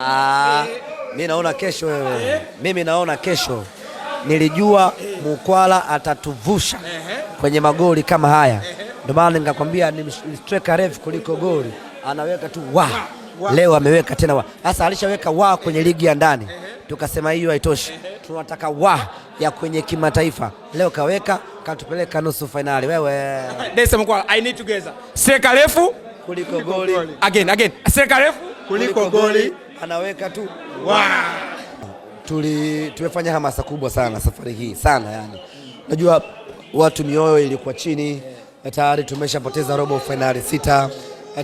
Ah, mi naona kesho wewe, mimi naona kesho. Nilijua Mukwala atatuvusha kwenye magoli kama haya, ndio maana nikakwambia ni striker refu kuliko goli, anaweka tu wa leo ameweka tena wa. Sasa alishaweka wa kwenye ligi ya ndani, tukasema hiyo haitoshi, tunataka wa ya kwenye kimataifa. Leo kaweka katupeleka nusu fainali. Wewe Mukwala, I need geza. striker refu kuliko goli again again, striker refu kuliko goli anaweka tu wow. Tuli, tumefanya hamasa kubwa sana safari hii sana yani. Najua watu mioyo ilikuwa chini tayari, tumeshapoteza robo fainali sita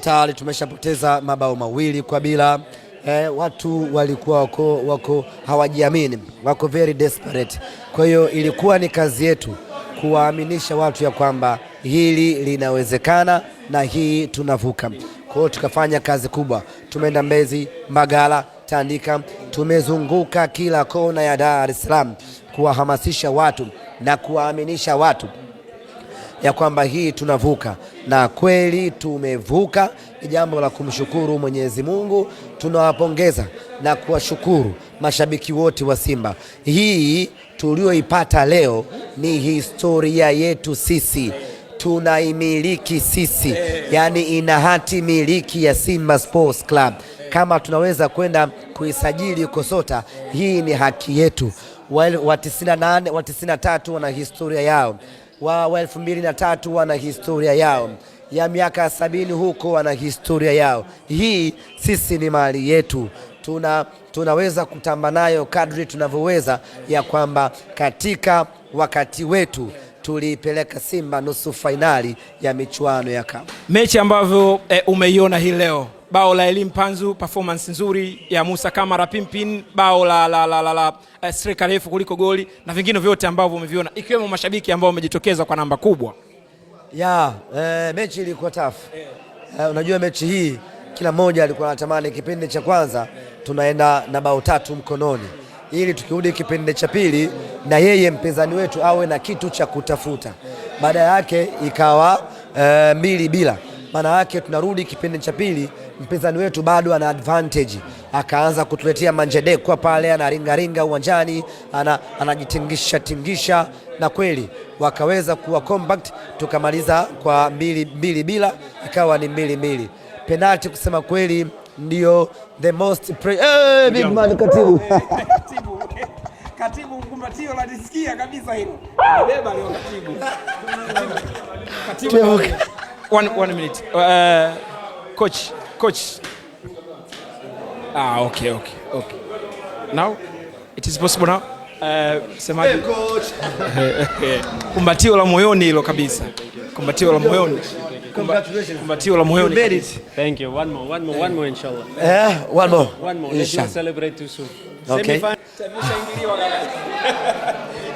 tayari, tumeshapoteza mabao mawili kwa bila eh, watu walikuwa wako, wako hawajiamini wako very desperate. Kwa hiyo ilikuwa ni kazi yetu kuwaaminisha watu ya kwamba hili linawezekana na hii tunavuka. Kwa hiyo tukafanya kazi kubwa, tumeenda Mbezi, Mbagala, Tandika, tumezunguka kila kona ya Dar es Salaam kuwahamasisha watu na kuwaaminisha watu ya kwamba hii tunavuka, na kweli tumevuka. Ni jambo la kumshukuru Mwenyezi Mungu. Tunawapongeza na kuwashukuru mashabiki wote wa Simba. Hii tulioipata leo ni historia yetu sisi tunaimiliki sisi, eh. yani ina hati miliki ya Simba Sports Club. Eh. Kama tunaweza kwenda kuisajili huko Sota, hii ni haki yetu. Wa 98 wa 93 wana historia yao, wa 2003 tatu wana historia yao ya miaka sabini huko wana historia yao. Hii sisi ni mali yetu, tuna tunaweza kutamba nayo kadri tunavyoweza, ya kwamba katika wakati wetu tuliipeleka Simba nusu fainali ya michuano ya CAF. Mechi ambavyo e, umeiona hii leo, bao la Elim Panzu, performance nzuri ya Musa Kamara Pimpin, bao la, la, la, la, la e, eh, strika refu kuliko goli na vingine vyote ambavyo umeviona, ikiwemo mashabiki ambao wamejitokeza kwa namba kubwa ya e, mechi ilikuwa tafu e, unajua mechi hii kila mmoja alikuwa anatamani kipindi cha kwanza tunaenda na bao tatu mkononi ili tukirudi kipindi cha pili na yeye mpinzani wetu awe na kitu cha kutafuta, baada yake ikawa uh, mbili bila. Maana yake tunarudi kipindi cha pili, mpinzani wetu bado ana advantage, akaanza kutuletea manjedekwa pale, anaringaringa uwanjani, anajitingisha tingisha, na kweli wakaweza kuwa compact, tukamaliza kwa mbili, mbili bila, ikawa ni mbili mbili. Penalti kusema kweli ndio the most pre... hey, eh, big man katibu katibu mkumbatio lalisikia kabisa hilo. Beba leo katibu. Katibu. One, one minute. Uh, coach, coach. Ah, okay, okay, okay. Now it is possible now. Uh, semaji. Hey, coach. Kumbatio la moyoni hilo kabisa. Kumbatio la moyoni. Congratulations. Kumbatio la moyoni. Thank you. One more, one more, one more inshallah. Eh, one more. One more. Let's not celebrate too soon. Okay.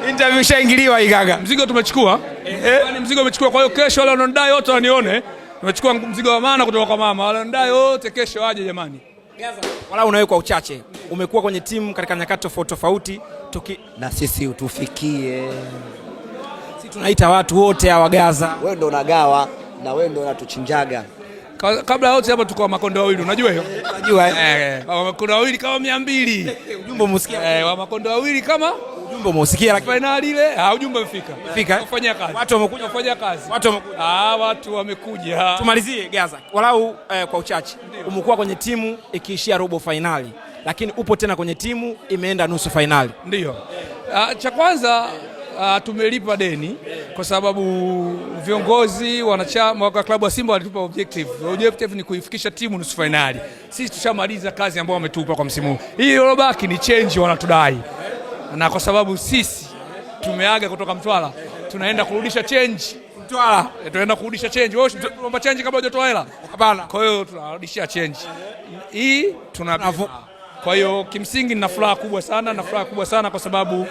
Interview shaingiliwa igaga. Mzigo tumechukua. Eh, ni mzigo umechukua kwa hiyo kesho wale wanaodai wote wanione. Tumechukua mzigo wa maana kutoka kwa mama. Wale wanaodai wote kesho waje jamani. Wala unawekwa uchache. Umekuwa kwenye timu katika nyakati tofauti tofauti tuki... na sisi utufikie. Sisi tunaita watu wote hawa Gaza. Wewe ndio unagawa na wewe ndio unatuchinjaga kabla yote hapa tuko makondo wawili, unajua hiyo unajua eh, eh. makondo wawili kama 200 ujumbe umesikia eh, wa makondo wawili kama ujumbe umesikia, lakini finali ile ha ujumbe umefika umefika, eh? kufanya kazi, watu wamekuja kufanya kazi, watu wamekuja ah, watu wamekuja. Tumalizie Gaza walau eh, kwa uchache, umekuwa kwenye timu ikiishia robo finali, lakini upo tena kwenye timu imeenda nusu finali, ndio ah, cha kwanza. Uh, tumelipa deni kwa sababu viongozi wanachama wa klabu ya Simba walitupa objective. Objective ni kuifikisha timu nusu fainali. Sisi tushamaliza kazi ambayo wametupa kwa msimu huu. Hii ilobaki ni change wanatudai, na kwa sababu sisi tumeaga kutoka Mtwara, tunaenda kurudisha change Mtwara, eh, tunaenda kurudisha change. Wewe unaomba change kabla hujatoa hela? Hapana. Kwa hiyo tunarudishia change hii, tuna kwa hiyo kimsingi, nina furaha kubwa sana, na furaha kubwa sana kwa sababu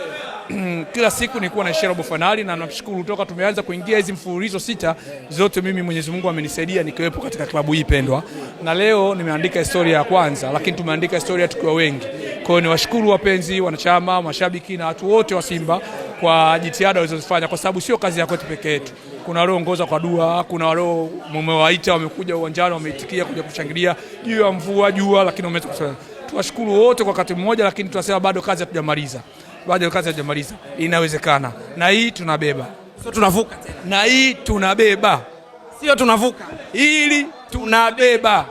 kila siku nilikuwa naishia robo fainali, na namshukuru toka tumeanza kuingia hizi mfululizo sita zote, mimi Mwenyezi Mungu amenisaidia nikiwepo katika klabu hii pendwa, na leo nimeandika historia ya kwanza, lakini tumeandika historia tukiwa wengi. Kwa hiyo niwashukuru wapenzi, wanachama, mashabiki na watu wote wa Simba kwa jitihada walizozifanya, kwa sababu sio kazi ya kwetu peke yetu. Kuna walioongoza kwa dua, kuna walio mmewaita, wamekuja uwanjani, wameitikia kuja kushangilia juu ya mvua, jua, lakini wameweza. Tuwashukuru wote kwa wakati mmoja, lakini tunasema bado kazi hatujamaliza bado kazi hajamaliza, inawezekana. Na hii tunabeba, sio tunavuka tena. Na hii tunabeba, sio tunavuka, hili tunabeba.